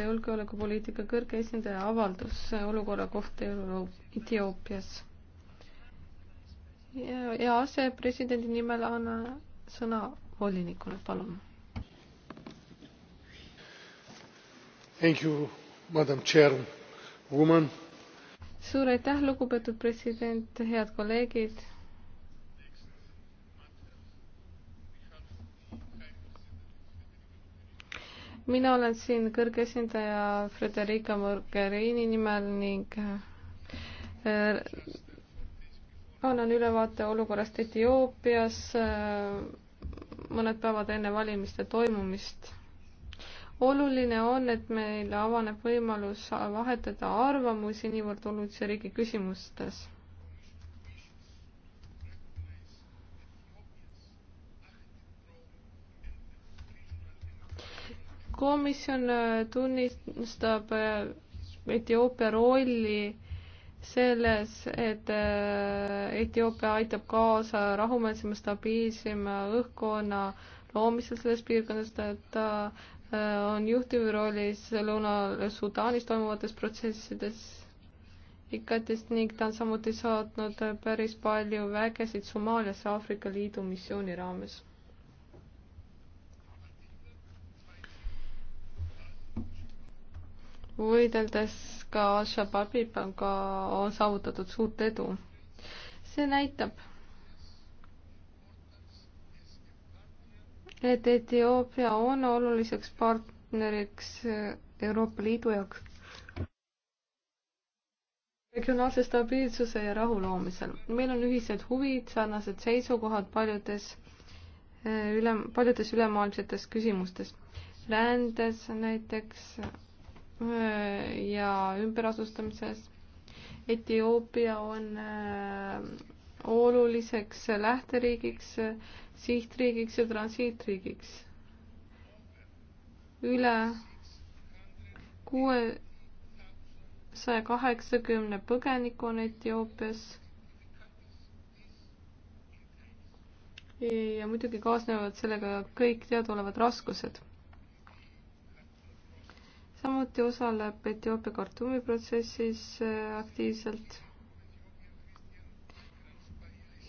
julgeolekupoliitika kõrge esindaja avaldus olukorra kohta Etioopias. ja, ja asepresidendi nimel annan sõna volinikule, palun. Thank you, madam chair, woman. suur aitäh, lugupeetud president, head kolleegid mina olen siin kõrge esindaja Frederica Mogherini nimel ning äh, annan ülevaate olukorrast Etioopias äh, mõned päevad enne valimiste toimumist. oluline on, et meil avaneb võimalus vahetada arvamusi niivõrd olulise riigi küsimustes komisjon äh, tunnistab äh, Etioopia rolli selles, et äh, Etioopia aitab kaasa rahumeelsema, stabiilsema õhkkonna loomisel selles piirkonnas, ta on juhtivrollis Lõuna-Sudaanis toimuvates protsessides IKT-st ning ta on samuti saatnud päris palju vägesid Somaaliasse Aafrika Liidu missiooni raames võideldes ka Al-Shabaabiga on ka on saavutatud suurt edu. see näitab, et Etioopia on oluliseks partneriks Euroopa Liidu jaoks regionaalse stabiilsuse ja rahu loomisel. meil on ühised huvid, sarnased seisukohad paljudes üle, paljudes ülemaailmsetes küsimustes. rändes näiteks ja ümberasustamises. Etioopia on oluliseks lähteriigiks, sihtriigiks ja transiitriigiks. üle kuuesaja kaheksakümne põgeniku on Etioopias ja muidugi kaasnevad sellega kõik teadaolevad raskused samuti osaleb Etioopia Khartoumi protsessis äh, aktiivselt.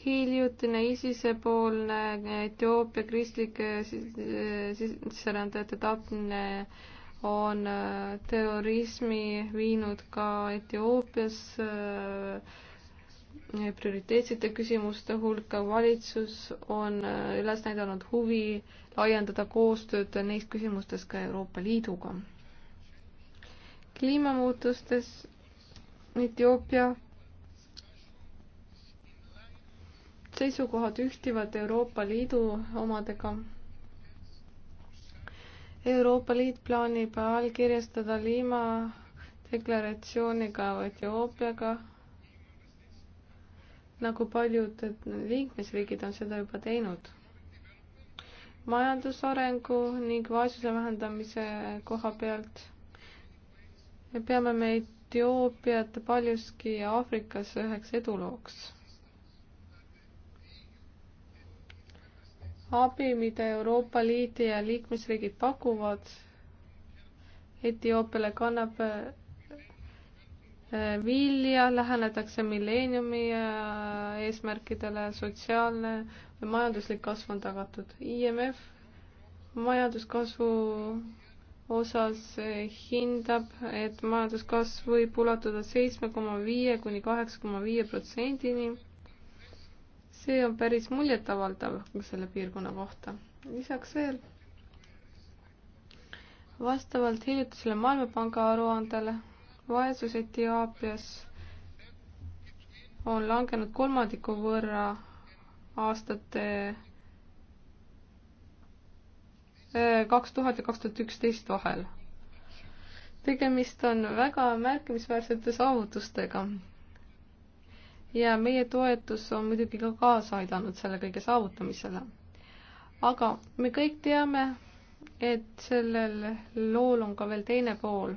hiljutine ISISe-poolne äh, Etioopia kristlike äh, sisserändajate tapmine on terrorismi viinud ka Etioopias prioriteetsete küsimuste hulka. valitsus on üles näidanud huvi laiendada koostööd neis küsimustes ka Euroopa Liiduga kliimamuutustes Etioopia seisukohad ühtivad Euroopa Liidu omadega. Euroopa Liit plaanib allkirjastada Lima deklaratsiooniga Etioopiaga, nagu paljud liikmesriigid on seda juba teinud majandusarengu ning vaesuse vähendamise koha pealt me peame me Etioopiat paljuski Aafrikas üheks edulooks. abi, mida Euroopa Liit ja liikmesriigid pakuvad Etioopiale, kannab eh, vilja, lähenetakse milleeniumi eh, eesmärkidele, sotsiaalne ja majanduslik kasv on tagatud. IMF majanduskasvu osas hindab, et majanduskasv võib ulatuda seitsme koma viie kuni kaheksa koma viie protsendini. see on päris muljetavaldav selle piirkonna kohta. lisaks veel, vastavalt hiljutisele Maailmapanga aruandele vaesus Etioopias on langenud kolmandiku võrra aastate kaks tuhat ja kaks tuhat üksteist vahel. tegemist on väga märkimisväärsete saavutustega. ja meie toetus on muidugi ka kaasa aidanud selle kõige saavutamisele. aga me kõik teame, et sellel lool on ka veel teine pool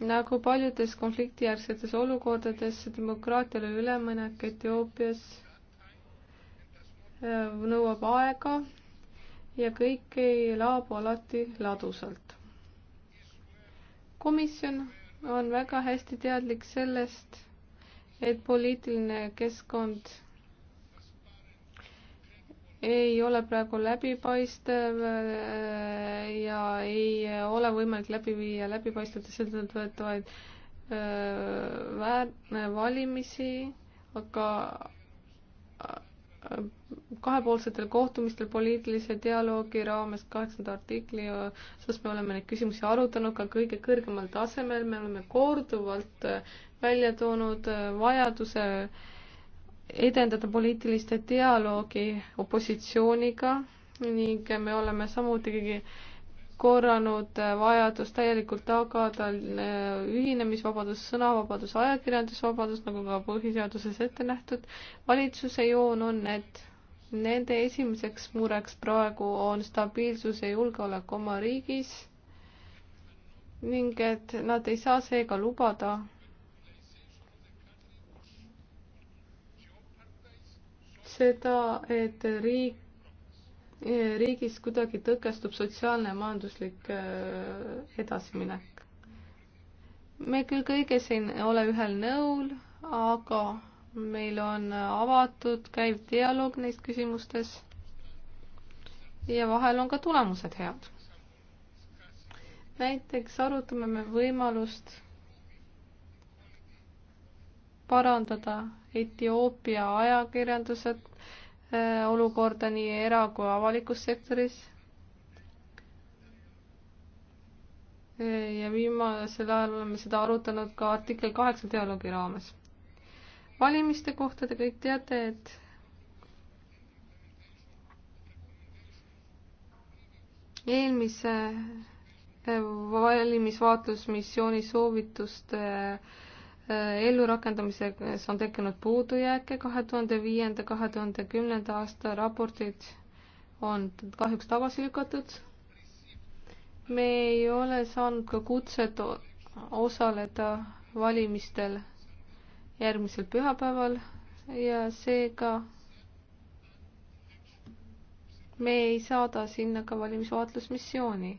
nagu paljudes konfliktijärgsetes olukordades demokraatiale üleminek Etioopias äh, nõuab aega ja kõik ei laabu alati ladusalt. komisjon on väga hästi teadlik sellest, et poliitiline keskkond ei ole praegu läbipaistev äh, ja ei ole võimalik läbi viia läbipaistvaid ja seetõttu võetavaid äh, valimisi, aga kahepoolsetel kohtumistel poliitilise dialoogi raames kaheksanda artikli osas me oleme neid küsimusi arutanud ka kõige kõrgemal tasemel, me oleme korduvalt äh, välja toonud äh, vajaduse edendada poliitilist dialoogi opositsiooniga ning me oleme samuti korranud äh, vajadus täielikult tagada äh, ühinemisvabadus, sõnavabadus, ajakirjandusvabadus, nagu ka põhiseaduses ette nähtud. valitsuse joon on, et nende esimeseks mureks praegu on stabiilsus ja julgeolek oma riigis ning et nad ei saa seega lubada seda, et riik riigis kuidagi tõkestub sotsiaalne ja majanduslik äh, edasiminek. me küll kõiges ei ole ühel nõul, aga meil on avatud, käiv dialoog neis küsimustes ja vahel on ka tulemused head. näiteks arutame me võimalust parandada Etioopia ajakirjandused Äh, olukorda nii era- kui avalikus sektoris. Äh, ja viimasel ajal oleme seda arutanud ka artikkel kaheksa dialoogi raames. valimiste kohta te kõik teate, et eelmise äh, valimisvaatlusmissiooni soovituste äh, Äh, ellurakendamises on tekkinud puudujääke, kahe tuhande viienda, kahe tuhande kümnenda aasta raportid on kahjuks tagasi lükatud. me ei ole saanud ka kutset osaleda valimistel järgmisel pühapäeval ja seega me ei saada sinna ka valimisvaatlusmissiooni.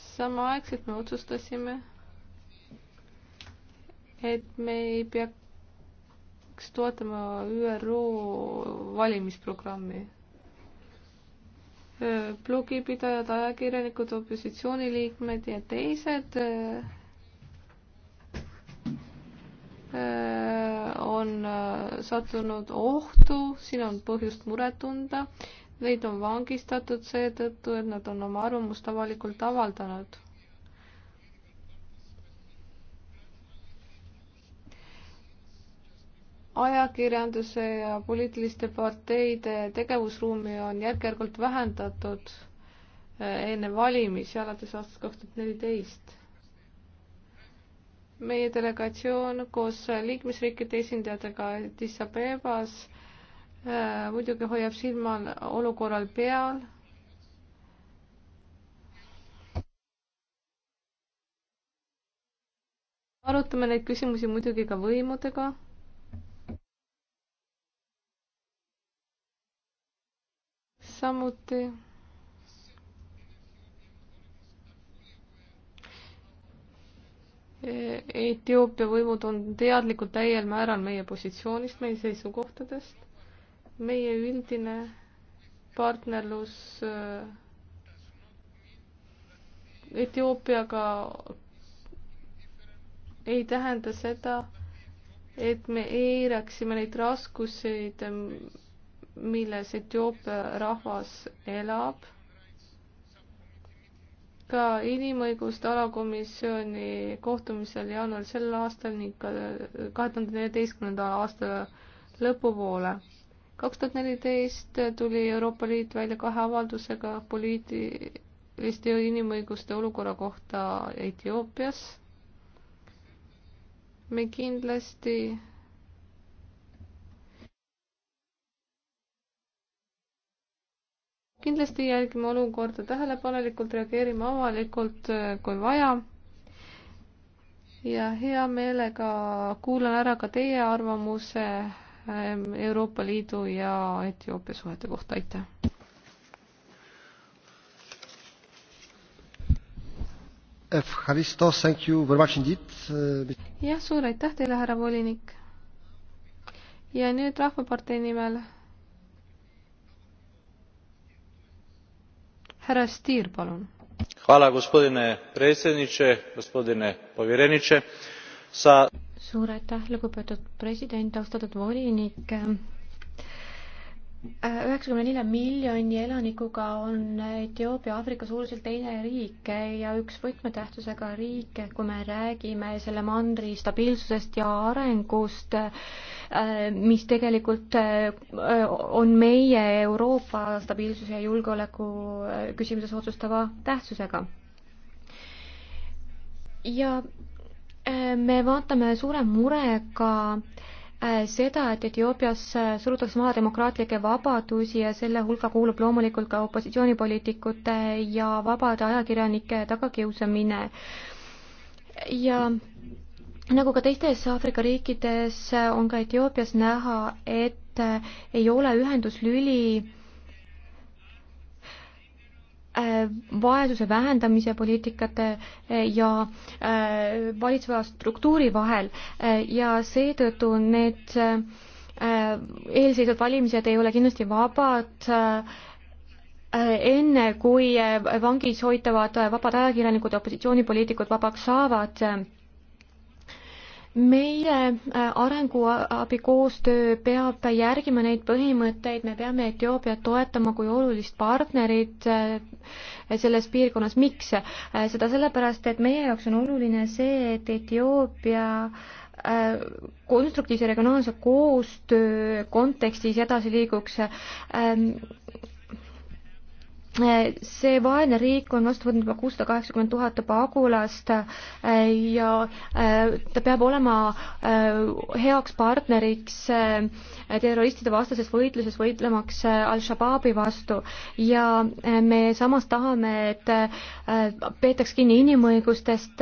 samaaegselt me otsustasime et me ei peaks toetama ÜRO valimisprogrammi. blogipidajad, ajakirjanikud, opositsiooniliikmed ja teised on sattunud ohtu, siin on põhjust muret tunda. Neid on vangistatud seetõttu, et nad on oma arvamust avalikult avaldanud ajakirjanduse ja poliitiliste parteide tegevusruumi on järk-järgult vähendatud eh, enne valimisi alates aastast kaks tuhat neliteist. meie delegatsioon koos liikmesriikide esindajatega Addis Abebas eh, muidugi hoiab silmal olukorral peal arutame neid küsimusi muidugi ka võimudega samuti e, Etioopia võimud on teadlikud täiel määral meie positsioonist, meie seisukohtadest. meie üldine partnerlus e, Etioopiaga ei tähenda seda, et me eiraksime neid raskuseid, milles Etioopia rahvas elab. ka inimõiguste alakomisjoni kohtumisel jaanuaril sel aastal ning ka kahe tuhande neljateistkümnenda aasta lõpupoole. kaks tuhat neliteist tuli Euroopa Liit välja kahe avaldusega poliitiliste inimõiguste olukorra kohta Etioopias. me kindlasti kindlasti jälgime olukorda tähelepanelikult, reageerime avalikult, äh, kui vaja. ja hea meelega kuulan ära ka teie arvamuse ähm, Euroopa Liidu ja Etioopia suhete kohta, aitäh. jah, suur aitäh teile, härra volinik. ja nüüd Rahvapartei nimel härra Stier, palun. gospodine predsjedniče, gospodine povjereniče. suur aitäh, lugupeetud president, austatud volinik üheksakümne nelja miljoni elanikuga on Etioopia Aafrika suuruselt teine riik ja üks võtmetähtsusega riike, kui me räägime selle mandri stabiilsusest ja arengust, äh, mis tegelikult äh, on meie Euroopa stabiilsuse ja julgeoleku äh, küsimuses otsustava tähtsusega. ja me vaatame suure murega äh, Äh, seda, et Etioopias äh, surutakse maha demokraatlikke vabadusi ja selle hulka kuulub loomulikult ka opositsioonipoliitikute ja vabade ajakirjanike tagakiusamine. ja nagu ka teistes Aafrika riikides, äh, on ka Etioopias näha, et ei ole ühenduslüli Äh, vaesuse vähendamise poliitikate äh, ja äh, valitseva struktuuri vahel ja seetõttu need eelseisvad valimised ei ole kindlasti vabad enne, kui vangis hoitavad vabad ajakirjanikud ja opositsioonipoliitikud vabaks saavad meie äh, arenguabi koostöö peab järgima neid põhimõtteid, me peame Etioopiat toetama kui olulist partnerit äh, selles piirkonnas, miks? Äh, seda sellepärast, et meie jaoks on oluline see, et Etioopia konstruktiivse regionaalse koostöö kontekstis edasi liiguks ähm, see vaene riik on vastu võtnud juba kuussada kaheksakümmend tuhat pagulast äh, ja äh, ta peab olema äh, heaks partneriks terroristide vastases võitluses, võitlemaks Al-Shabaabi vastu ja me samas tahame, et peetaks kinni inimõigustest,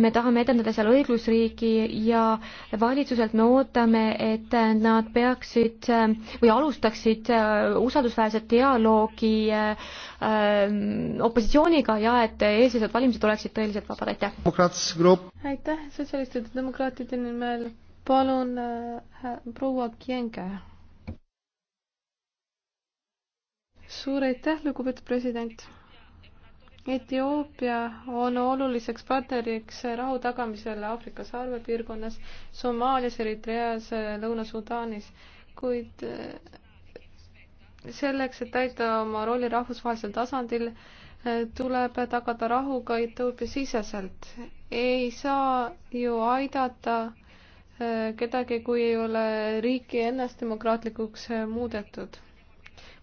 me tahame edendada seal õigusriiki ja valitsuselt me ootame, et nad peaksid või alustaksid usaldusväärset dialoogi Ähm, opositsiooniga ja et eelseisvad valimised oleksid tõeliselt vabad, aitäh! aitäh, sotsialistide demokraatide nimel palun äh, proua Kienge. suur aitäh, lugupeetud president! Etioopia on oluliseks partneriks rahu tagamisel Aafrika sarve piirkonnas, Somaalias, Eritreas, Lõuna-Sudaanis, kuid äh, selleks, et täita oma rolli rahvusvahelisel tasandil, eh, tuleb tagada rahu ka Etioopia siseselt. ei saa ju aidata eh, kedagi, kui ei ole riiki ennast demokraatlikuks eh, muudetud.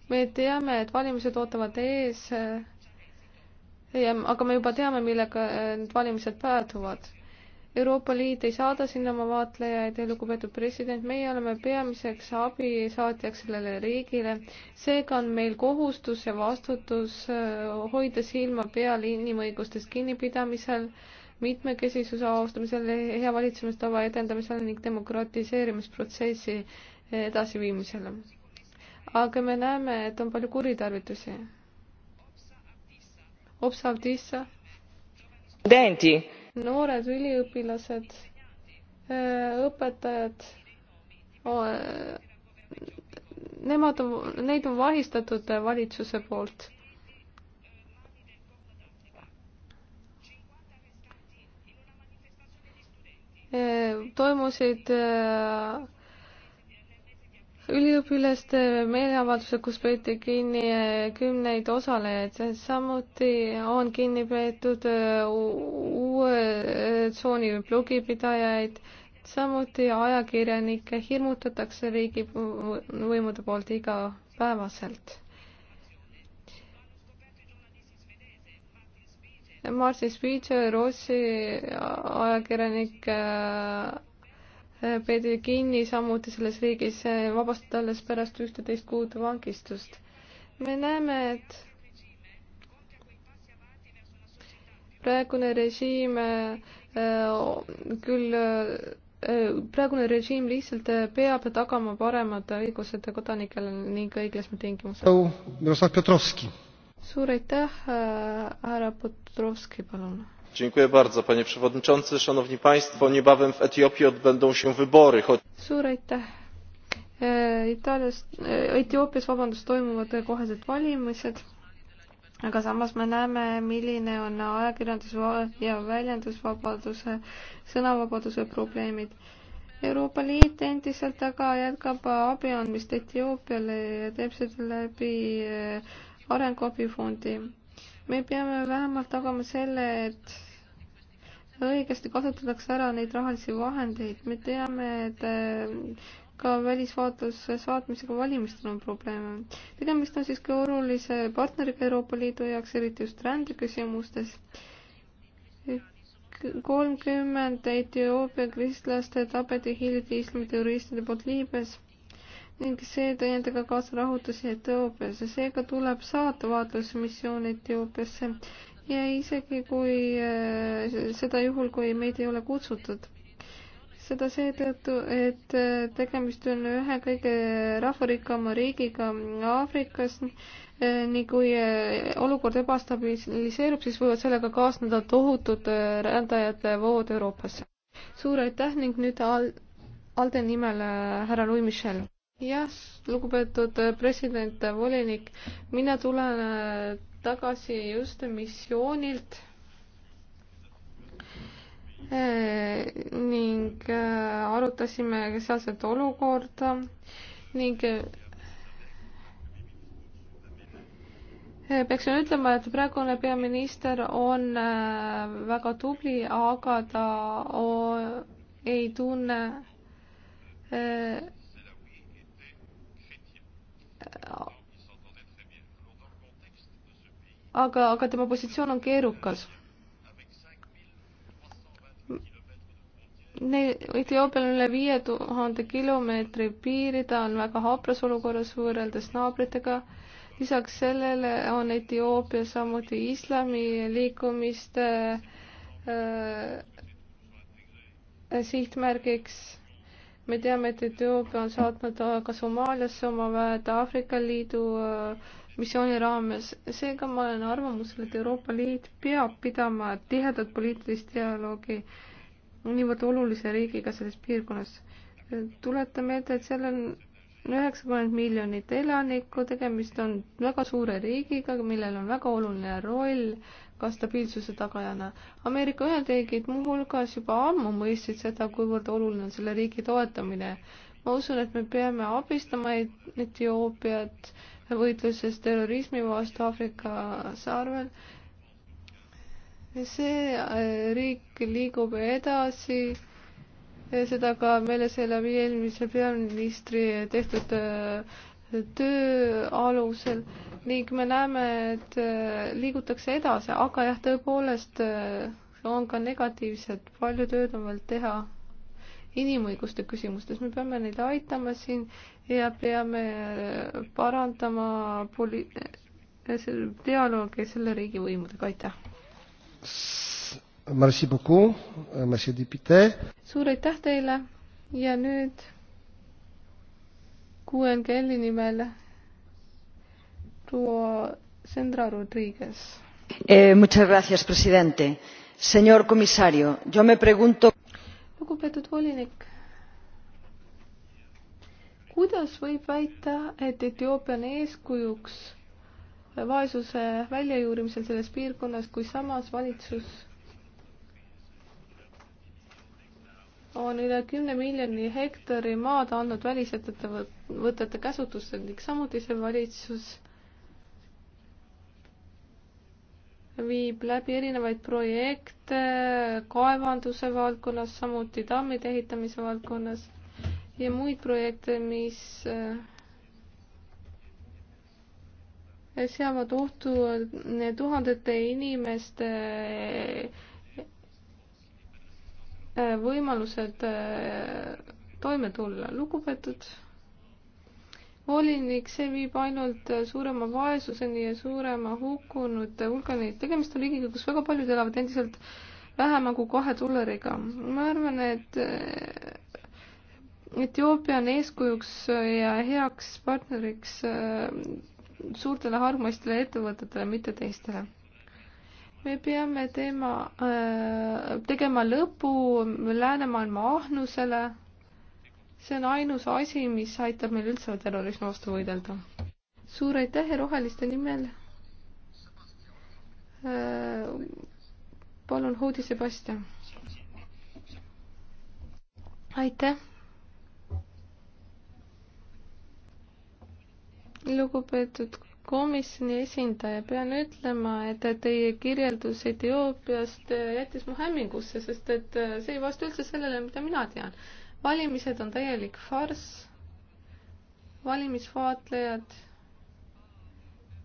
me teame, et valimised ootavad ees ja, aga me juba teame, millega need valimised pääduvad Euroopa Liit ei saada sinna oma vaatlejaid ja lugupeetud president, meie oleme peamiseks abisaatjaks sellele riigile. seega on meil kohustus ja vastutus äh, hoida silma peal inimõigustest kinnipidamisel, mitmekesisuse austamisel, hea valitsemistava edendamisel ning demokratiseerimisprotsessi edasiviimisel. aga me näeme, et on palju kuritarvitusi. Obsa Abdissa noored üliõpilased, äh, õpetajad, äh, nemad on, neid on vahistatud äh, valitsuse poolt. toimusid üliõpilaste meeleavaldused, kus peeti kinni eh, kümneid osalejaid, samuti on kinni peetud eh, uue eh, tsooni blogipidajaid, samuti ajakirjanikke hirmutatakse riigivõimude poolt igapäevaselt. Martin Spicer, Rootsi ajakirjanik Äh, peeti kinni samuti selles riigis, äh, vabastati alles pärast ühteteist kuud vangistust. me näeme, et praegune režiim äh, küll, praegune režiim lihtsalt peab tagama paremad õigused kodanikele ning õiglased tingimused. suur aitäh, härra Petrovski, palun panie przewodniczący! niebawem w etiopii odbędą się wybory. E, etioopias toimuvad kohesed valimised aga samas me näeme milline on ajakirjanduse ja väljendusvabaduse sõnavabaduse probleemid. euroopa liit endiselt aga jätkab abi andmist etioopiale ja teeb seda läbi e, arenguabifondi me peame vähemalt tagama selle, et õigesti kasutatakse ära neid rahalisi vahendeid, me teame, et äh, ka välisvaatlusse saatmisega valimistel on probleeme. tegemist on siiski olulise partneriga Euroopa Liidu jaoks, eriti just rändeküsimustes. kolmkümmend Etioopia kristlaste tapeti hiljuti islamiterroristide poolt Liibüas ning see tõi endaga kaasa rahutusi Etioopiasse, seega tuleb saata vaatlusmissioon Etioopiasse ja isegi kui äh, seda juhul, kui meid ei ole kutsutud. seda seetõttu, et äh, tegemist on ühe kõige rahvarikkama riigiga Aafrikas äh, ning kui olukord ebastabiliseerub, siis võivad sellega kaasneda tohutud rändajate vood Euroopasse. suur aitäh ning nüüd Alde nimel härra Louis Michel jah, lugupeetud äh, president, äh, volinik, mina tulen äh, tagasi just missioonilt ning arutasime sealset olukorda ning peaksin ütlema, et praegune peaminister on väga tubli, aga ta ei tunne aga, aga tema positsioon on keerukas. Neil, Etioopial on üle viie tuhande kilomeetri piiri, ta on väga hapras olukorras võrreldes naabritega. lisaks sellele on Etioopia samuti islami liikumiste äh, sihtmärgiks me teame, et Etioopia on saatnud ka Somaaliasse oma väed Aafrika Liidu äh, missiooni raames, seega ma olen arvamusel, et Euroopa Liit peab pidama tihedat poliitilist dialoogi niivõrd olulise riigiga selles piirkonnas. tuletan meelde, et seal on üheksakümmend miljonit elanikku, tegemist on väga suure riigiga, millel on väga oluline roll ka stabiilsuse tagajana. Ameerika Ühendriigid muuhulgas juba ammu mõistsid seda, kuivõrd oluline on selle riigi toetamine. ma usun, et me peame abistama Etioopiat võitluses terrorismi vastu Aafrika saarvel. see äh, riik liigub edasi, seda ka meeles elab eelmise peaministri tehtud äh, töö alusel ning me näeme, et äh, liigutakse edasi, aga jah, tõepoolest äh, on ka negatiivsed, palju tööd on veel teha inimõiguste küsimustes, me peame neid aitama siin ja peame äh, parandama poli-, dialoogi selle riigi võimudega, aitäh! Euh, suur aitäh teile ja nüüd QNGL-i nimel proua Sandra Rodriguez eh,. señor presidente, señor comisario, yo me pregunto. lugupeetud volinik kuidas võib väita, et Etioopia on eeskujuks vaesuse väljajuurimisel selles piirkonnas, kui samas valitsus on üle kümne miljoni hektari maad andnud välisettevõtete käsutusse ning samuti see valitsus viib läbi erinevaid projekte kaevanduse valdkonnas, samuti tammide ehitamise valdkonnas ja muid projekte, mis eh, seavad ohtu eh, tuhandete inimeste Äh, võimalused äh, toime tulla. lugupeetud volinik, see viib ainult äh, suurema vaesuseni ja suurema hukkunute hulgani. tegemist on riigiga, kus väga paljud elavad endiselt vähema kui kahe dollariga. ma arvan, et Etioopia on eeskujuks ja heaks partneriks suurtele hargmaistele ettevõtetele, mitte teistele me peame teema, äh, tegema lõpu läänemaailma ahnusele. see on ainus asi, mis aitab meil üldse terrorismi vastu võidelda. suur aitäh ja roheliste nimel. Äh, palun, Hoodi Sebastian. aitäh. lugupeetud komisjoni esindaja, pean ütlema, et teie kirjeldus Etioopiast jättis mu hämmingusse, sest et see ei vasta üldse sellele, mida mina tean. valimised on täielik farss, valimisvaatlejad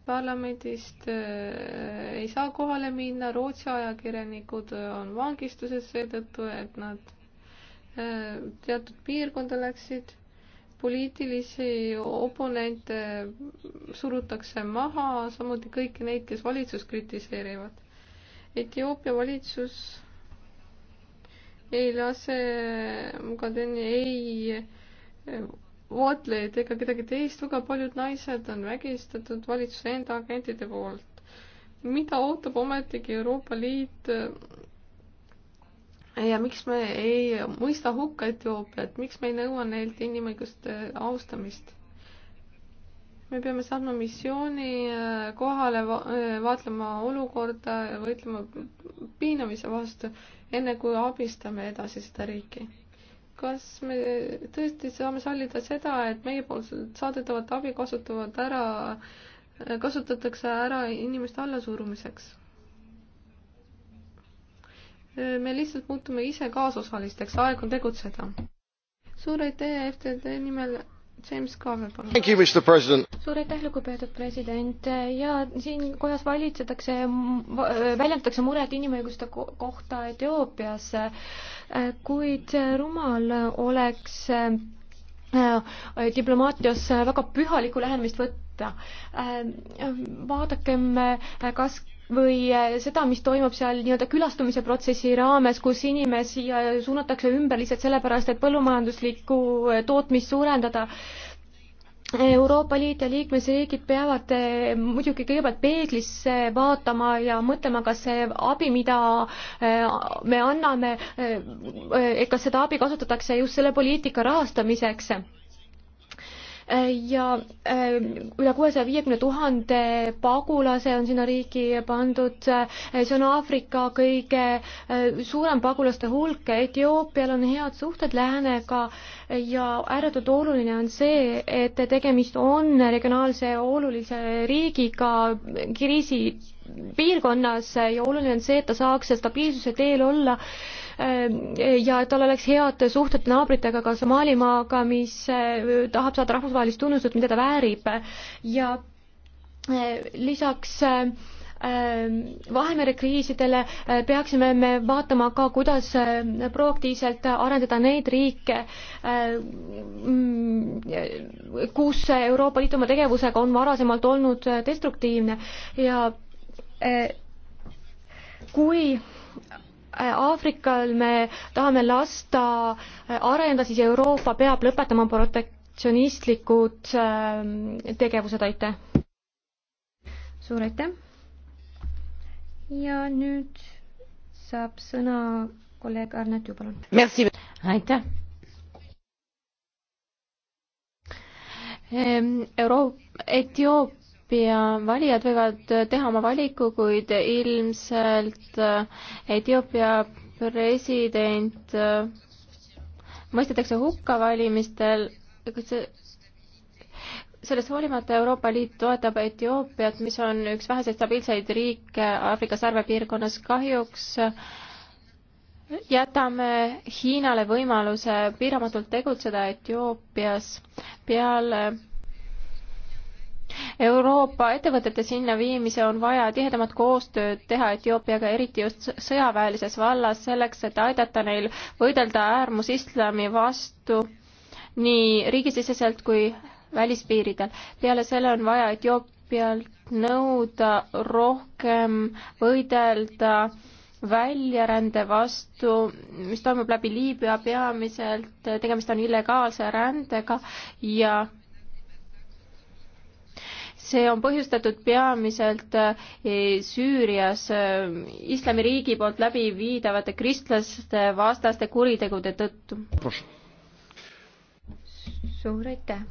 parlamendist äh, ei saa kohale minna, Rootsi ajakirjanikud on vangistuses seetõttu, et nad äh, teatud piirkonda läksid poliitilisi oponente surutakse maha, samuti kõiki neid, kes valitsust kritiseerivad. Etioopia valitsus ei lase Mugadeni ei vaatlejaid ega kedagi teist, väga paljud naised on vägistatud valitsuse enda agentide poolt. mida ootab ometigi Euroopa Liit ja miks me ei mõista hukka Etioopiat, miks me ei nõua neilt inimõiguste austamist? me peame saama missiooni äh, kohale va äh, vaatlema olukorda ja võitlema piinamise vastu, enne kui abistame edasi seda riiki. kas me tõesti saame sallida seda, et meiepoolselt saadetavat abi kasutavad ära, äh, kasutatakse ära inimeste allasurumiseks? me lihtsalt muutume ise kaasosalisteks, aeg on tegutseda. suur aitäh FTD nimel James Carver, palun. suur aitäh, lugupeetud president ja siin kojas valitsetakse, väljendatakse muret inimõiguste kohta Etioopias, kuid rumal oleks äh, diplomaatias väga pühalikku lähenemist võtta. Äh, vaadakem, äh, kas või äh, seda, mis toimub seal nii-öelda külastumise protsessi raames, kus inimesi äh, suunatakse ümber lihtsalt sellepärast, et põllumajanduslikku äh, tootmist suurendada Euroopa Liit ja liikmesriigid peavad muidugi kõigepealt peeglisse vaatama ja mõtlema, kas see abi, mida me anname, et kas seda abi kasutatakse just selle poliitika rahastamiseks ja äh, üle kuuesaja viiekümne tuhande pagulase on sinna riiki pandud, äh, see on Aafrika kõige äh, suurem pagulaste hulk, Etioopial on head suhted läänega ja ääretult oluline on see, et tegemist on regionaalse olulise riigiga kriisi piirkonnas ja oluline on see, et ta saaks stabiilsuse teel olla äh, Äh, ja et tal oleks head suhted naabritega ka Somaalimaaga, mis äh, tahab saada rahvusvahelist tunnustust, mida ta väärib ja äh, lisaks Vahemere kriisidele peaksime me vaatama ka, kuidas proaktiivselt arendada neid riike, mm, kus Euroopa Liit oma tegevusega on varasemalt olnud destruktiivne ja kui Aafrikal me tahame lasta äh, arendada, siis Euroopa peab lõpetama protektsionistlikud äh, tegevused, aitäh. suur aitäh. ja nüüd saab sõna kolleeg Arnet Ju, palun. aitäh. Ehm, Euro-, Etioopia Etioopia valijad võivad teha oma valiku, kuid ilmselt äh, Etioopia president äh, mõistetakse hukka valimistel. sellest hoolimata Euroopa Liit toetab Etioopiat, mis on üks väheseid stabiilseid riike Aafrika sarvepiirkonnas. kahjuks jätame Hiinale võimaluse piiramatult tegutseda Etioopias peale Euroopa ettevõtete sinna viimise on vaja tihedamat koostööd teha Etioopiaga, eriti just sõjaväelises vallas, selleks et aidata neil võidelda äärmusislami vastu nii riigisiseselt kui välispiiridel. peale selle on vaja Etioopialt nõuda rohkem võidelda väljarände vastu, mis toimub läbi Liibüa peamiselt, tegemist on illegaalse rändega ja see on põhjustatud peamiselt eh, Süürias eh, islamiriigi poolt läbi viidavate kristlaste vastaste kuritegude tõttu. suur aitäh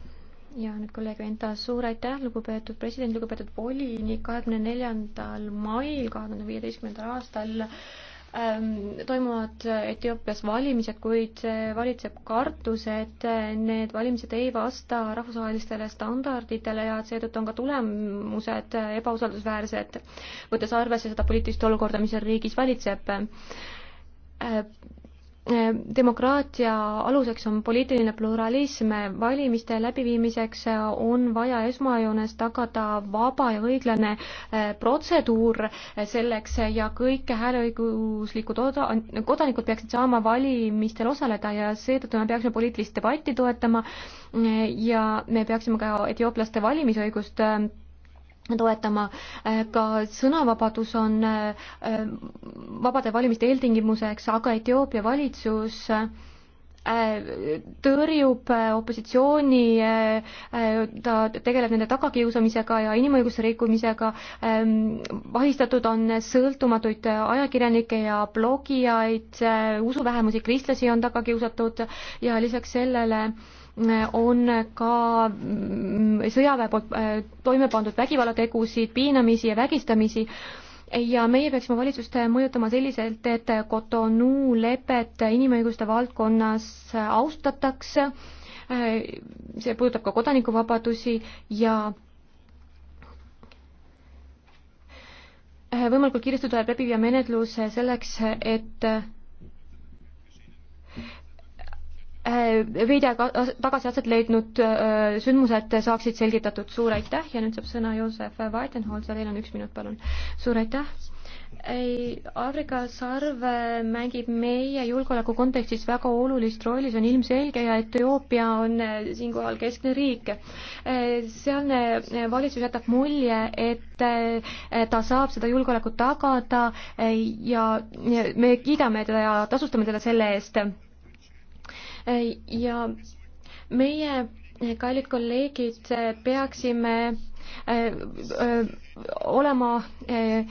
ja nüüd kolleeg Venta, suur aitäh, lugupeetud president, lugupeetud volinik, kahekümne neljandal mail kahe tuhande viieteistkümnendal aastal Ähm, toimuvad äh, Etioopias valimised, kuid äh, valitseb kartus, et äh, need valimised ei vasta rahvusvahelistele standarditele ja seetõttu on ka tulemused ebausaldusväärsed, võttes arvesse seda poliitilist olukorda, mis seal riigis valitseb Ehm, demokraatia aluseks on poliitiline pluralism, valimiste läbiviimiseks äh, on vaja esmajoones tagada vaba ja õiglane äh, protseduur äh, selleks ja kõik hääleõiguslikud kodanikud peaksid saama valimistel osaleda ja seetõttu me peaksime poliitilist debatti toetama ja me peaksime ka etiooplaste valimisõigust toetama, äh, ka sõnavabadus on äh, äh, vabade valimiste eeltingimuseks, aga Etioopia valitsus tõrjub opositsiooni, ta tegeleb nende tagakiusamisega ja inimõiguste rikkumisega, ähm, vahistatud on sõltumatuid ajakirjanikke ja blogijaid, usuvähemusi, kristlasi on taga kiusatud ja lisaks sellele äh, on ka mm, sõjaväe poolt äh, toime pandud vägivallategusid, piinamisi ja vägistamisi ja meie peaksime valitsust mõjutama selliselt, et Cotonou lepet inimõiguste valdkonnas austatakse, äh, see puudutab ka kodanikuvabadusi ja äh, võimalikult kiiresti tuleb läbi viia menetlus selleks, et Äh, veidi aega tagasi aset leidnud äh, sündmused saaksid selgitatud, suur aitäh ja nüüd saab sõna Joosef Weidenholzer, teil on üks minut, palun. suur aitäh. ei, Aafrika sarv äh, mängib meie julgeoleku kontekstis väga olulist rolli, see on ilmselge ja Etioopia on siinkohal keskne riik. sealne valitsus jätab mulje, et ta saab seda julgeolekut tagada ja me kiidame teda ja tasustame teda selle eest ja meie, kallid kolleegid, peaksime äh, äh, olema äh,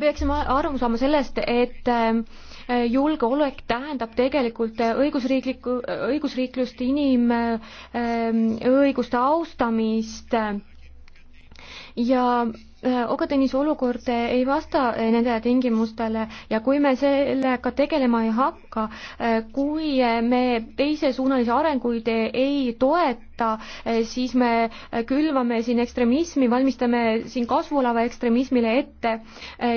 peaksime aru saama sellest, et julgeolek tähendab tegelikult õigusriiklikku, õigusriiklust, inimõiguste austamist ja äh, Ogadenise olukord ei vasta äh, nendele tingimustele ja kui me sellega tegelema ei hakka, äh, kui me teisesuunalisi arenguid ei toeta, siis me külvame siin ekstremismi, valmistame siin kasvuoleva ekstremismile ette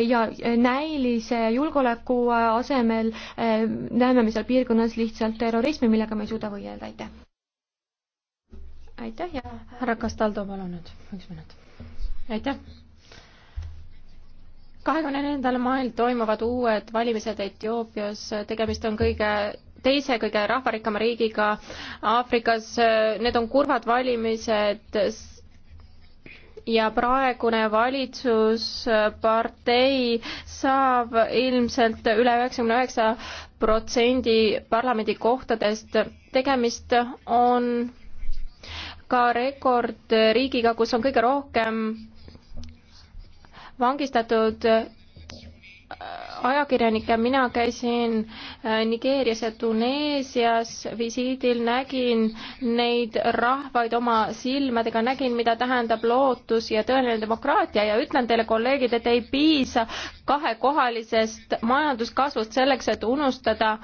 ja näilise julgeoleku asemel näeme me seal piirkonnas lihtsalt terrorismi, millega me ei suuda võidelda, aitäh! aitäh ja härra Castaldo, palun nüüd üks minut aitäh! kahekümne neljandal mail toimuvad uued valimised Etioopias, tegemist on kõige teise kõige rahvarikkama riigiga Aafrikas, need on kurvad valimised ja praegune valitsuspartei saab ilmselt üle üheksakümne üheksa protsendi parlamendikohtadest. tegemist on ka rekordriigiga, kus on kõige rohkem vangistatud äh, ajakirjanikke, mina käisin äh, Nigeerias ja Tuneesias visiidil, nägin neid rahvaid oma silmadega, nägin, mida tähendab lootus ja tõeline demokraatia ja ütlen teile, kolleegid, et ei piisa kahekohalisest majanduskasvust selleks, et unustada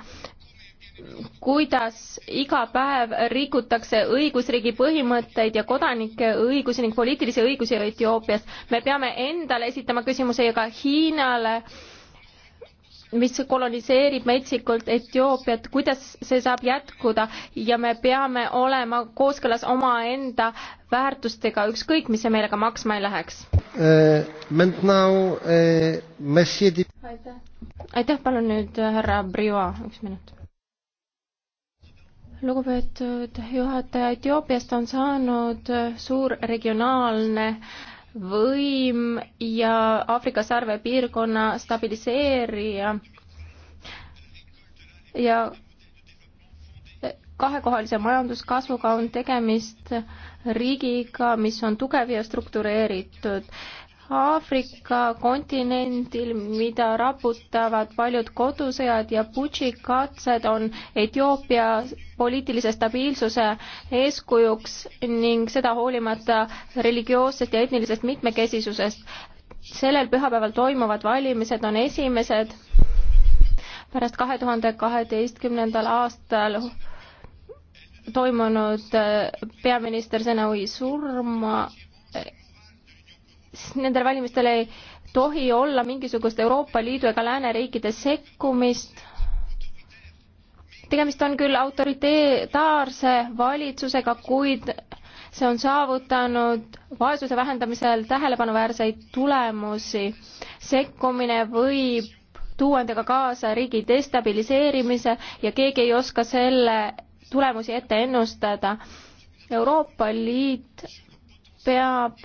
kuidas iga päev rikutakse õigusriigi põhimõtteid ja kodanike õigusi ning poliitilisi õigusi Etioopias. me peame endale esitama küsimuse ja ka Hiinale, mis koloniseerib metsikult Etioopiat, kuidas see saab jätkuda ja me peame olema kooskõlas omaenda väärtustega, ükskõik mis see meile ka maksma ei läheks uh,. Uh, aitäh, aitäh, palun nüüd härra Brioa, üks minut lugupeetud juhataja, Etioopiast on saanud suur regionaalne võim ja Aafrika sarve piirkonna stabiliseerija ja kahekohalise majanduskasvuga on tegemist riigiga, mis on tugev ja struktureeritud Aafrika kontinendil, mida raputavad paljud kodusõjad ja putšikatsed, on Etioopia poliitilise stabiilsuse eeskujuks ning seda hoolimata religioossest ja etnilisest mitmekesisusest. sellel pühapäeval toimuvad valimised on esimesed pärast kahe tuhande kaheteistkümnendal aastal toimunud äh, peaminister Senaui surma nendel valimistel ei tohi olla mingisugust Euroopa Liidu ega lääneriikide sekkumist. tegemist on küll autoritaarse valitsusega, kuid see on saavutanud vaesuse vähendamisel tähelepanuväärseid tulemusi. sekkumine võib tuua endaga kaasa riigi destabiliseerimise ja keegi ei oska selle tulemusi ette ennustada. Euroopa Liit peab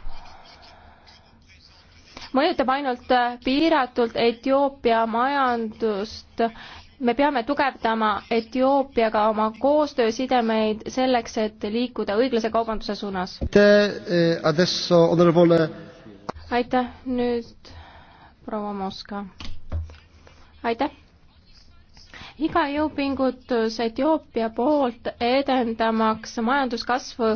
mõjutab ainult äh, piiratult Etioopia majandust. me peame tugevdama Etioopiaga oma koostöösidemeid selleks, et liikuda õiglase kaubanduse suunas. E, aitäh, nüüd proua Moska. aitäh iga jõupingutus Etioopia poolt edendamaks majanduskasvu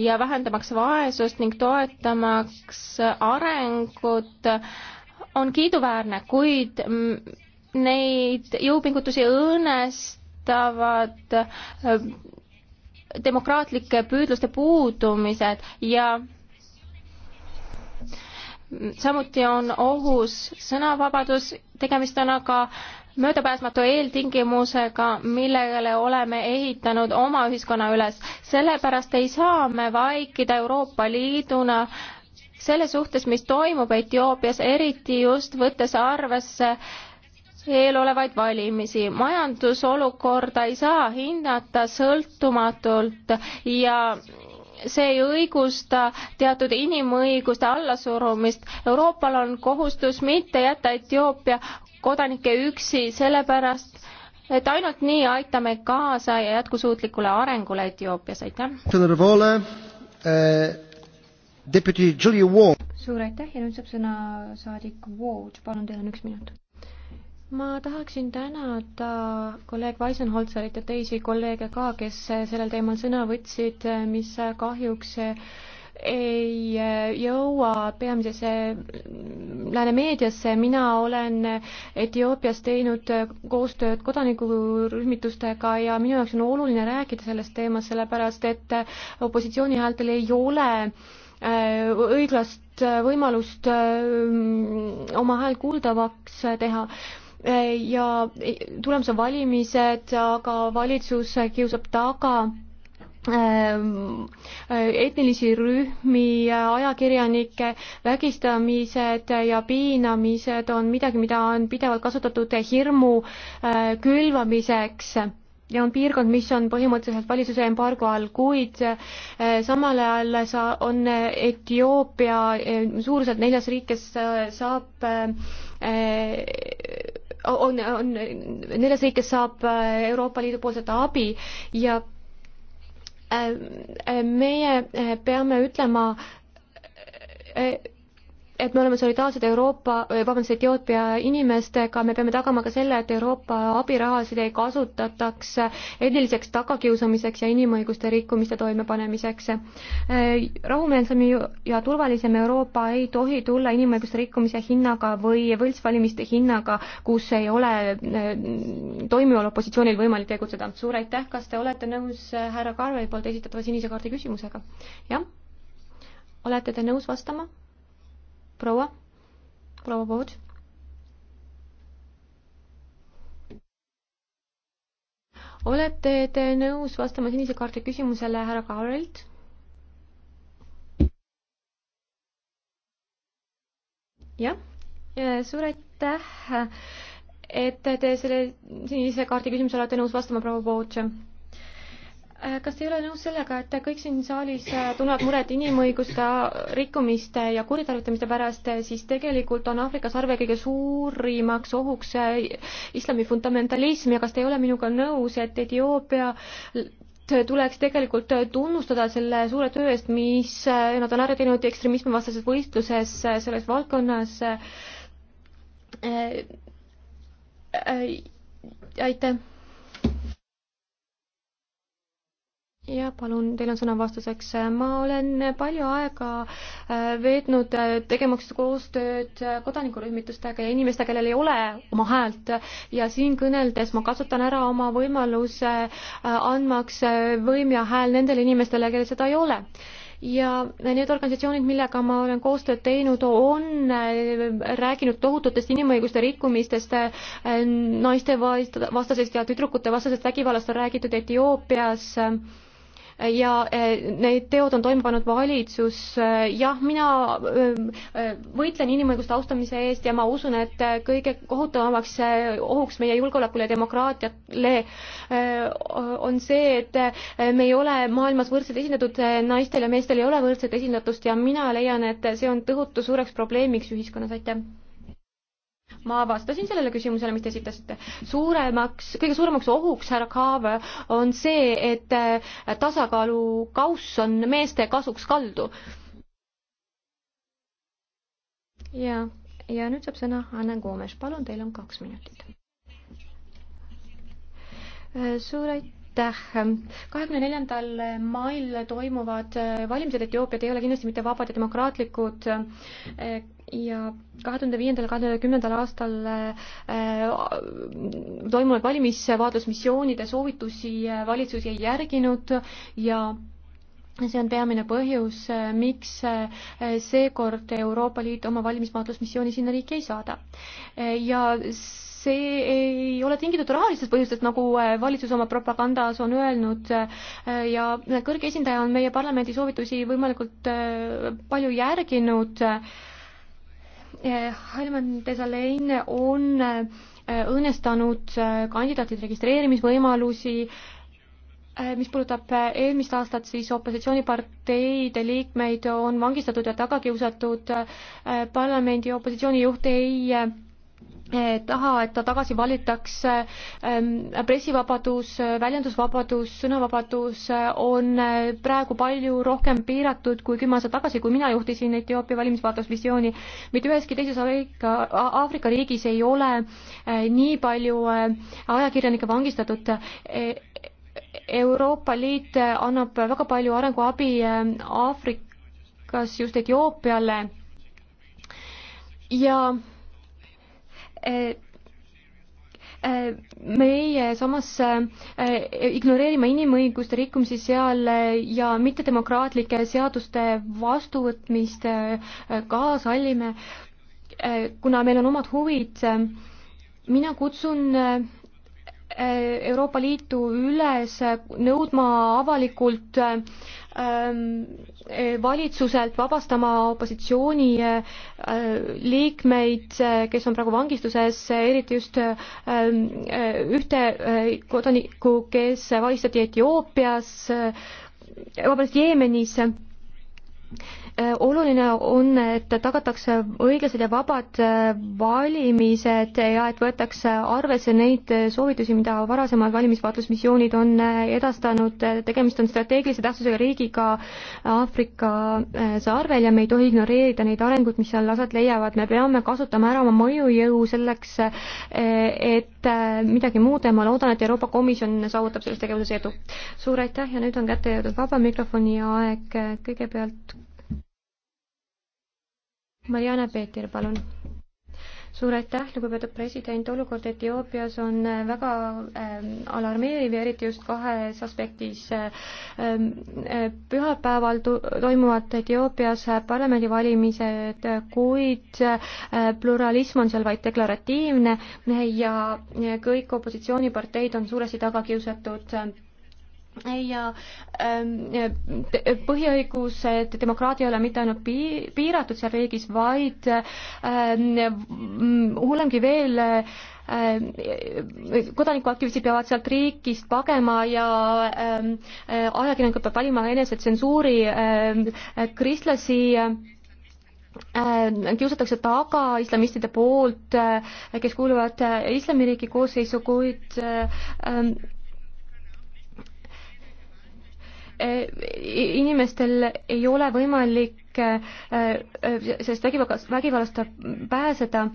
ja vähendamaks vaesust ning toetamaks arengut on kiiduväärne, kuid neid jõupingutusi õõnestavad äh, demokraatlike püüdluste puudumised ja samuti on ohus sõnavabadus, tegemist on aga möödapääsmatu eeltingimusega, millele oleme ehitanud oma ühiskonna üles. sellepärast ei saa me vaikida Euroopa Liiduna selle suhtes, mis toimub Etioopias, eriti just võttes arvesse eelolevaid valimisi. majandusolukorda ei saa hinnata sõltumatult ja see ei õigusta teatud inimõiguste allasurumist. Euroopal on kohustus mitte jätta Etioopia kodanikke üksi, sellepärast et ainult nii aitame kaasa jätkusuutlikule arengule Etioopias, aitäh. Eh, suur aitäh ja nüüd saab sõna saadik Ward, palun, teil on üks minut ma tahaksin tänada kolleeg Weisenholzerit ja teisi kolleege ka, kes sellel teemal sõna võtsid, mis kahjuks ei jõua peamisesse lääne meediasse, mina olen Etioopias teinud koostööd kodanikuühmitustega ja minu jaoks on oluline rääkida sellest teemast, sellepärast et opositsiooni häältel ei ole äh, õiglast võimalust äh, oma hääl kuuldavaks teha ja tulemas on valimised, aga valitsus kiusab taga ähm, etnilisi rühmi, ajakirjanikke, vägistamised ja piinamised on midagi, mida on pidevalt kasutatud hirmu äh, külvamiseks ja on piirkond, mis on põhimõtteliselt valitsuse embargo all, kuid äh, samal ajal sa-, on Etioopia äh, suuruselt neljas riik, kes saab on, on neljas riik, kes saab äh, Euroopa Liidu poolset abi ja äh, äh, meie peame ütlema et me oleme solidaarsed Euroopa, eh, vabandust, Etioopia inimestega, me peame tagama ka selle, et Euroopa abirahasid ei kasutataks etniliseks tagakiusamiseks ja inimõiguste rikkumiste toimepanemiseks. Eh, rahumeelsem ja turvalisem Euroopa ei tohi tulla inimõiguste rikkumise hinnaga või võltsvalimiste hinnaga, kus ei ole eh, toimival opositsioonil võimalik tegutseda. suur aitäh, kas te olete nõus härra Carveri poolt esitatava sinise kaardi küsimusega? jah? olete te nõus vastama? proua, proua Pouts. olete te nõus vastama sinise kaardi küsimusele härra Kaarelt? jah, suur aitäh, et te selle sinise kaardi küsimusele olete nõus vastama, proua Pouts Äh, kas ei ole nõus sellega, et kõik siin saalis äh, tunnevad muret inimõiguste rikkumiste ja kuritarvitamiste pärast, äh, siis tegelikult on Aafrika sarve kõige suurimaks ohuks islami fundamentalism ja kas te ei ole minuga nõus, et Etioopia tuleks tegelikult tunnustada selle suure töö eest, mis nad on ära teinud ekstremismivastases võistluses selles valdkonnas. aitäh ja palun, teil on sõna vastuseks. ma olen palju aega äh, veetnud äh, tegemaks koostööd äh, kodanikuühmitustega ja inimestega, kellel ei ole oma häält ja siin kõneldes ma kasutan ära oma võimaluse andmaks võim ja hääl nendele inimestele, kellel seda ei ole ja need organisatsioonid, millega ma olen koostööd teinud, on rääkinud tohututest inimõiguste rikkumistest, naiste vastasest ja tüdrukute vastasest vägivallast on räägitud Etioopias ja eh, need teod on toime pannud valitsus. Eh, jah, mina eh, võitlen inimõiguste austamise eest ja ma usun, et kõige kohutavamaks ohuks meie julgeolekule ja demokraatiale on see, et me ei ole maailmas võrdselt esindatud, naistel ja meestel ei ole võrdset esindatust ja mina leian, et see on tõhutu suureks probleemiks ühiskonnas, aitäh ma vastasin sellele küsimusele, mis te esitasite. suuremaks, kõige suuremaks ohuks, härra Kaave, on see, et äh, tasakaalukauss on meeste kasuks kaldu. ja, ja nüüd saab sõna Anne Koomes, palun, teil on kaks minutit. Äh, suur aitäh aitäh! kahekümne neljandal mail toimuvad äh, valimised Etioopiat ei ole kindlasti mitte vabad ja demokraatlikud ja kahe tuhande viiendal, kahe tuhande kümnendal aastal äh, toimunud valimisvaatlusmissioonide soovitusi äh, valitsus ei järginud ja see on peamine põhjus, äh, miks seekord Euroopa Liit oma valimisvaatlusmissiooni sinna riiki ei saada. ja see ei ole tingitud rahalistest põhjustest, nagu valitsus oma propagandas on öelnud ja kõrge esindaja on meie parlamendi soovitusi võimalikult palju järginud Helmen Desalein on äh, õõnestanud äh, kandidaatide registreerimisvõimalusi äh, mis puudutab eelmist aastat, siis opositsiooniparteide liikmeid on vangistatud ja taga kiusatud. parlamendi opositsioonijuht ei taha, et ta tagasi valitakse. Ähm, pressivabadus, väljendusvabadus, sõnavabadus äh, on äh, praegu palju rohkem piiratud kui kümme aastat tagasi, kui mina juhtisin Etioopia valimisvaatlusmissiooni. mitte üheski teises Ameerika, Aafrika riigis ei ole äh, nii palju ajakirjanikke vangistatud e, Euroopa Liit annab väga palju arenguabi Aafrikas just Etioopiale ja Eh, eh, meie samas eh, ignoreerime inimõiguste rikkumisi seal ja mittedemokraatlike seaduste vastuvõtmist ka sallime, kuna meil on omad huvid. mina kutsun Euroopa Liitu üles nõudma avalikult äh, Ähm, eh, valitsuselt vabastama opositsiooni eh, liikmeid, eh, kes on praegu vangistuses, eriti just ähm, ühte kodanikku, kes vahistati Etioopias, vabandust, Jeemenis Äh, oluline on, et tagatakse õiglased ja vabad äh, valimised ja et võetakse arvesse neid äh, soovitusi, mida varasemad valimisvaatlusmissioonid on edastanud. tegemist on strateegilise tähtsusega riigiga Aafrika saarvel ja me ei tohi ignoreerida neid arenguid, mis seal aset leiavad. me peame kasutama ära oma mõjujõu selleks, et midagi muud ja ma loodan, et Euroopa Komisjon saavutab selles tegevuses edu. suur aitäh ja nüüd on kätte jõudnud vaba mikrofoni aeg. kõigepealt Mariana Peeter, palun. suur aitäh, lugupeetud president, olukord Etioopias on äh, väga äh, alarmeeriv ja eriti just kahes aspektis ähm, äh,. pühapäeval to toimuvad Etioopias äh, parlamendivalimised, äh, kuid äh, pluralism on seal vaid deklaratiivne ja kõik opositsiooniparteid on suuresti taga kiusatud äh, ja ähm, põhiõigused, demokraatia ei ole mitte ainult pii-, piiratud seal riigis, vaid ähm, mm, hullemgi veel, ähm, kodanikuaktivistid peavad sealt riikist pagema ja ajakirjanikud peavad valima enesetsensuuri, kristlasi kiusatakse taga islamistide poolt, äh, kes kuuluvad äh, islamiriigi koosseisu, kuid äh, Eh, inimestel ei ole võimalik eh, eh, sellest vägivallast, vägivallast pääseda.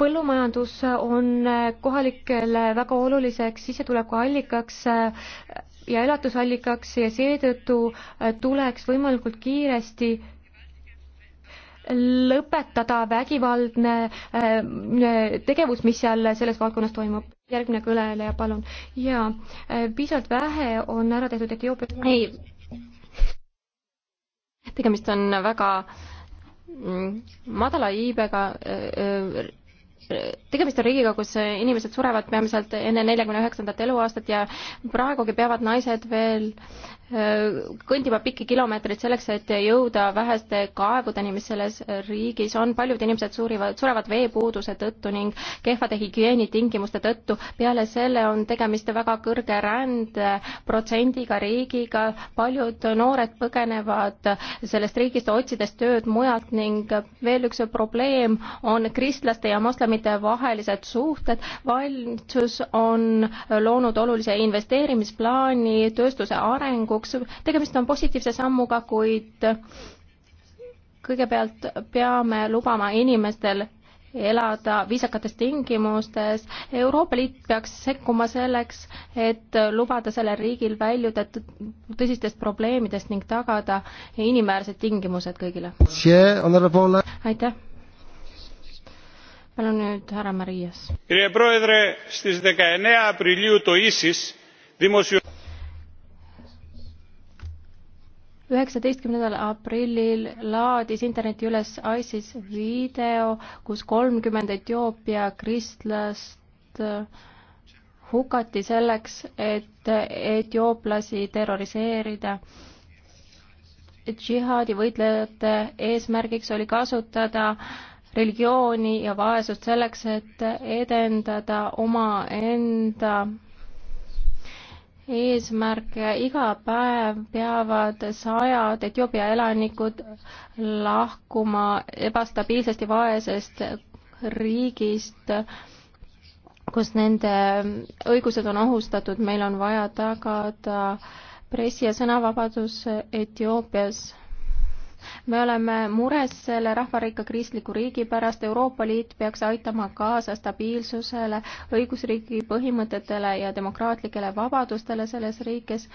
põllumajandus on kohalikele väga oluliseks sissetulekuallikaks ja elatusallikaks ja seetõttu tuleks võimalikult kiiresti lõpetada vägivaldne tegevus, mis seal selles valdkonnas toimub järgmine kõneleja, palun. ja äh, piisavalt vähe on ära tehtud Etioopias. ei, tegemist on väga mm, madala iibega äh, äh, tegemist on riigiga, kus inimesed surevad peamiselt enne neljakümne üheksandat eluaastat ja praegugi peavad naised veel kõndima pikki kilomeetreid selleks, et jõuda väheste kaevudeni, mis selles riigis on. paljud inimesed surivad, surevad veepuuduse tõttu ning kehvade hügieenitingimuste tõttu. peale selle on tegemist väga kõrge rändeprotsendiga riigiga. paljud noored põgenevad sellest riigist, otsides tööd mujalt ning veel üks probleem on kristlaste ja moslemite vahelised suhted. valitsus on loonud olulise investeerimisplaani tööstuse arenguks lõimuks. tegemist on positiivse sammuga, kuid kõigepealt peame lubama inimestel elada viisakates tingimustes. Euroopa Liit peaks sekkuma selleks, et lubada sellel riigil väljuda tõsistest probleemidest ning tagada inimväärsed tingimused kõigile. aitäh. palun nüüd härra Marias. üheksateistkümnendal aprillil laadis interneti üles ISIS video, kus kolmkümmend Etioopia kristlast äh, hukati selleks, et etiooplasi terroriseerida. džihaadi võitlejate eesmärgiks oli kasutada religiooni ja vaesust selleks, et edendada omaenda eesmärke, iga päev peavad sajad Etioopia elanikud lahkuma ebastabiilsest ja vaesest riigist, kus nende õigused on ohustatud, meil on vaja tagada pressi- ja sõnavabadus Etioopias me oleme mures selle rahvarikka kristliku riigi pärast. Euroopa Liit peaks aitama kaasa stabiilsusele, õigusriigi põhimõtetele ja demokraatlikele vabadustele selles riigis.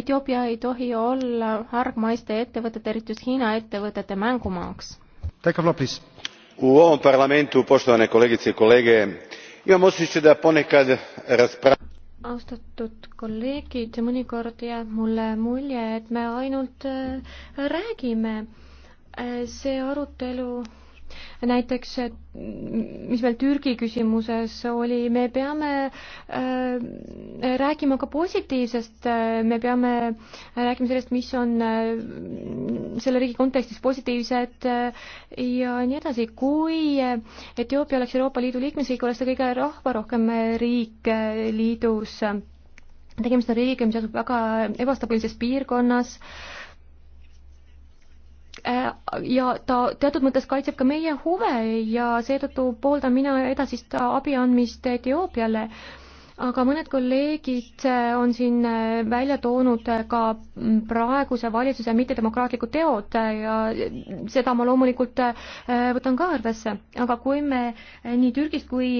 Etioopia ei tohi olla hargmaiste ettevõtete, eriti just Hiina ettevõtete mängumaaks. u ovom parlamentu poštovane kolegice i kolege imam osjećaj da ponekad raspravljamo austatud kolleegid, mõnikord jääb mulle mulje, et me ainult äh, räägime. Äh, see arutelu näiteks, mis veel Türgi küsimuses oli, me peame äh, rääkima ka positiivsest äh,, me peame rääkima sellest, mis on äh, selle riigi kontekstis positiivsed äh, ja nii edasi. kui äh, Etioopia oleks Euroopa Liidu liikmesriik, oleks ta kõige rahvarohkem äh, riik äh, liidus. tegemist on riigiga, mis asub väga ebastabiilses piirkonnas äh,, Äh, ja ta teatud mõttes kaitseb ka meie huve ja seetõttu pooldan mina edasist abi andmist Etioopiale. aga mõned kolleegid äh, on siin äh, välja toonud ka mm, praeguse valitsuse mittedemokraatlikud teod ja seda ma loomulikult võtan ka arvesse, aga kui me nii Türgist kui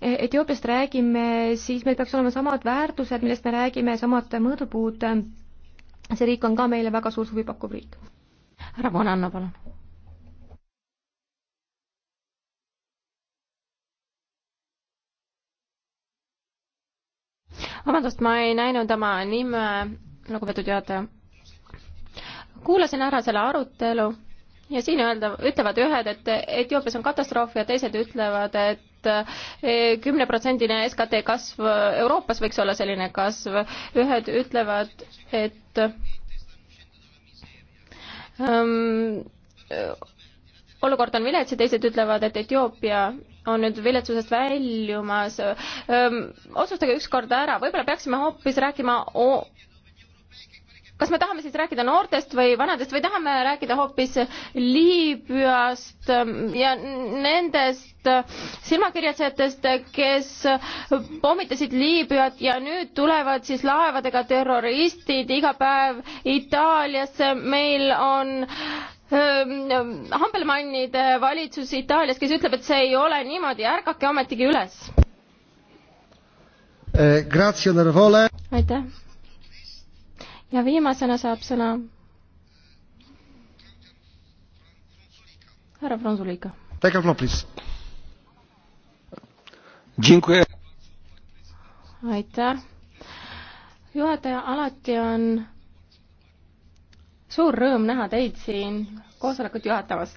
Etioopiast räägime, siis meil peaks olema samad väärtused, millest me räägime, samad mõõdupuud. see riik on ka meile väga suur huvipakkuv riik härra Bonanno, palun. vabandust, ma ei näinud oma nime, lugupeetud juhataja. kuulasin ära selle arutelu ja siin öelda, ütlevad ühed, et Etioopias on katastroof ja teised ütlevad, et e, kümneprotsendine SKT kasv Euroopas võiks olla selline kasv. ühed ütlevad, et Ähm, äh, olukord on vilets ja teised ütlevad, et Etioopia on nüüd viletsusest väljumas. Ähm, otsustage ükskord ära, võib-olla peaksime hoopis rääkima kas me tahame siis rääkida noortest või vanadest või tahame rääkida hoopis Liibüast ähm, ja nendest äh, silmakirjatsejatest, kes pommitasid Liibüat ja nüüd tulevad siis laevadega terroristid iga päev Itaaliasse, meil on ähm, Hambelmannide valitsus Itaalias, kes ütleb, et see ei ole niimoodi, ärgake ometigi üles. Eh, aitäh ja viimasena saab sõna härra Fronsulika. aitäh. juhataja, alati on suur rõõm näha teid siin koosolekut juhatamas.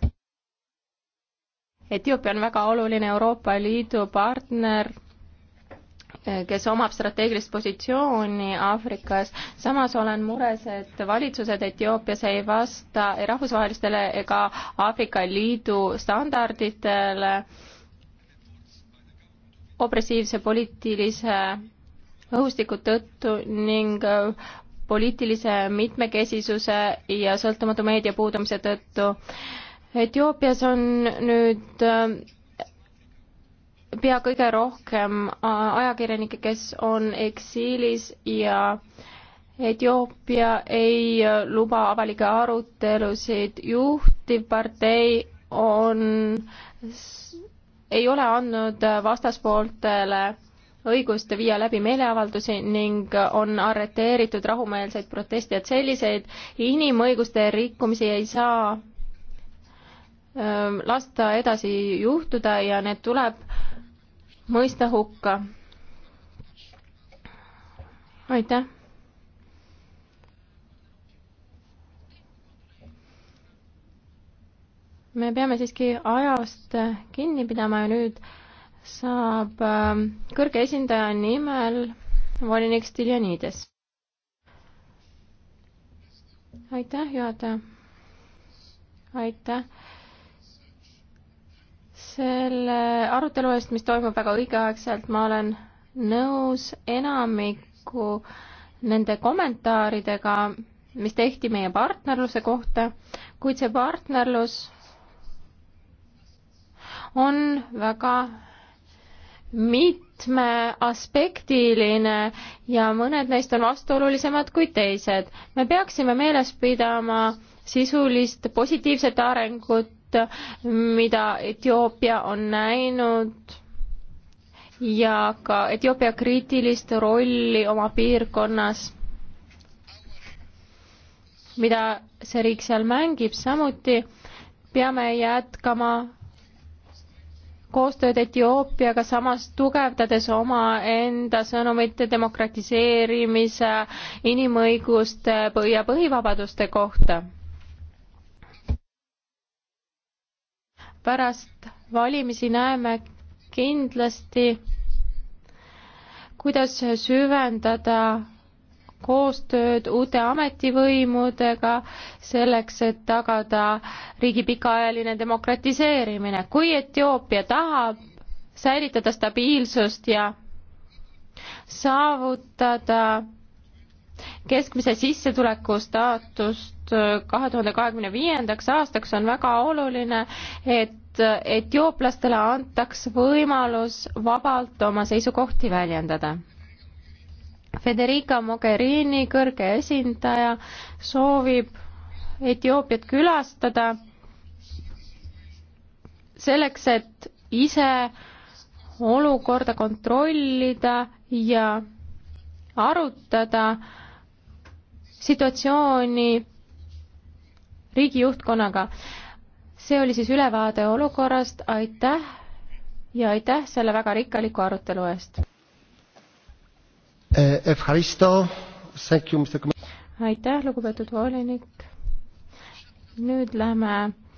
Etioopia on väga oluline Euroopa Liidu partner kes omab strateegilist positsiooni Aafrikas. samas olen mures, et valitsused Etioopias ei vasta ei rahvusvahelistele ega Aafrika Liidu standarditele opressiivse poliitilise õhustiku tõttu ning poliitilise mitmekesisuse ja sõltumatu meedia puudumise tõttu. Etioopias on nüüd pea kõige rohkem äh, ajakirjanikke, kes on eksiilis ja Etioopia ei äh, luba avalikke arutelusid, juhtiv partei on, ei ole andnud äh, vastaspooltele õigust viia läbi meeleavaldusi ning on arreteeritud rahumeelseid protestijaid. selliseid inimõiguste rikkumisi ei saa ähm, lasta edasi juhtuda ja need tuleb mõista hukka. aitäh. me peame siiski ajast kinni pidama ja nüüd saab ähm, kõrge esindaja nimel volinik Stiljanides. aitäh, juhataja. aitäh selle arutelu eest, mis toimub väga õigeaegselt, ma olen nõus enamiku nende kommentaaridega, mis tehti meie partnerluse kohta, kuid see partnerlus on väga mitmeaspektiline ja mõned neist on vastuolulisemad kui teised. me peaksime meeles pidama sisulist positiivset arengut ohut, mida Etioopia on näinud ja ka Etioopia kriitilist rolli oma piirkonnas, mida see riik seal mängib, samuti peame jätkama koostööd Etioopiaga, samas tugevdades omaenda sõnumit demokratiseerimise, inimõiguste ja põhivabaduste kohta pärast valimisi näeme kindlasti, kuidas süvendada koostööd uute ametivõimudega selleks, et tagada riigi pikaajaline demokratiseerimine. kui Etioopia tahab säilitada stabiilsust ja saavutada keskmise sissetuleku staatust, kahe tuhande kahekümne viiendaks aastaks on väga oluline, et etiooplastele antaks võimalus vabalt oma seisukohti väljendada. Federica Mogherini, kõrge esindaja, soovib Etioopiat külastada selleks, et ise olukorda kontrollida ja arutada situatsiooni riigi juhtkonnaga. see oli siis ülevaade olukorrast, aitäh ja aitäh selle väga rikkaliku arutelu eest. Eh, aitäh, lugupeetud volinik. nüüd lähme